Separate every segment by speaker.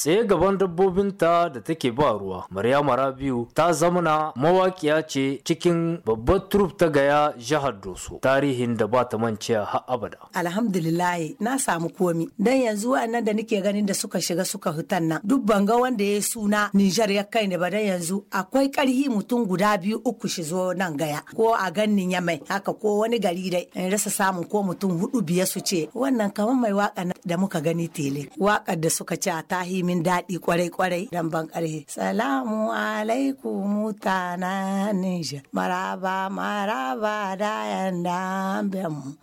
Speaker 1: tsaye gaban dabbobinta da take ba ruwa maryama rabiu ta zamana mawaƙiya ce cikin babbar turup ta gaya jihar doso tarihin da ba ta mance har abada
Speaker 2: alhamdulillahi na samu komi dan yanzu wa'annan da nake ganin da suka shiga suka hutan nan duk banga wanda ya suna nijar ya kai ne ba dan yanzu akwai karhi mutum guda biyu uku shi zo nan gaya ko a gannin yamai haka ko wani gari dai in rasa samun ko mutum hudu biyar su ce wannan kamar mai waka na da muka gani tele wakar da suka ci a tahimin daɗi kwarai-kwarai don ban ƙarhe salamu alaikum mutana ninja maraba maraba da yan dambe mu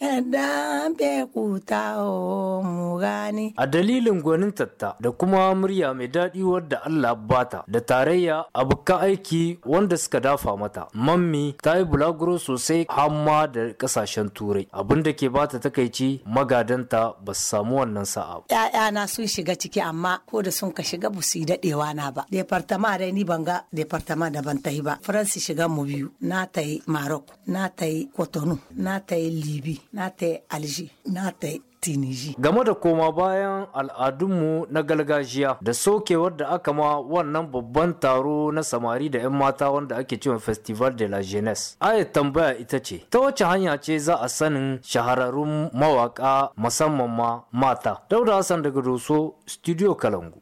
Speaker 2: yan dambe kuta o muga ne.
Speaker 1: A dalilin gwanin tatta da kuma murya mai daɗi wadda Allah bata da tarayya abokan aiki wanda suka dafa mata. Mammi ta yi bulaguro sosai hamma da kasashen turai. Abin da ke bata takaici magadanta ba su samu wannan sa'a.
Speaker 2: ‘Ya'yana sun shiga ciki amma ko da sun ka shiga ba su yi daɗewa na ba. Departama dai ni ban ga departama da ban ta yi ba. Faransi shiga mu biyu. Na ta yi Maroc, na ta yi Cotonou, na ta yi Libi, na ta yi Alger, na ta yi tiniji
Speaker 1: game da koma bayan al'adunmu na gargajiya da sokewar da aka ma wannan babban taro na samari da 'yan mata wanda ake cewa festival de la jeunesse aya tambaya ita ce ta wace hanya ce za a sanin shahararrun mawaka musamman ma mata dauda hassan daga doso studio kalangu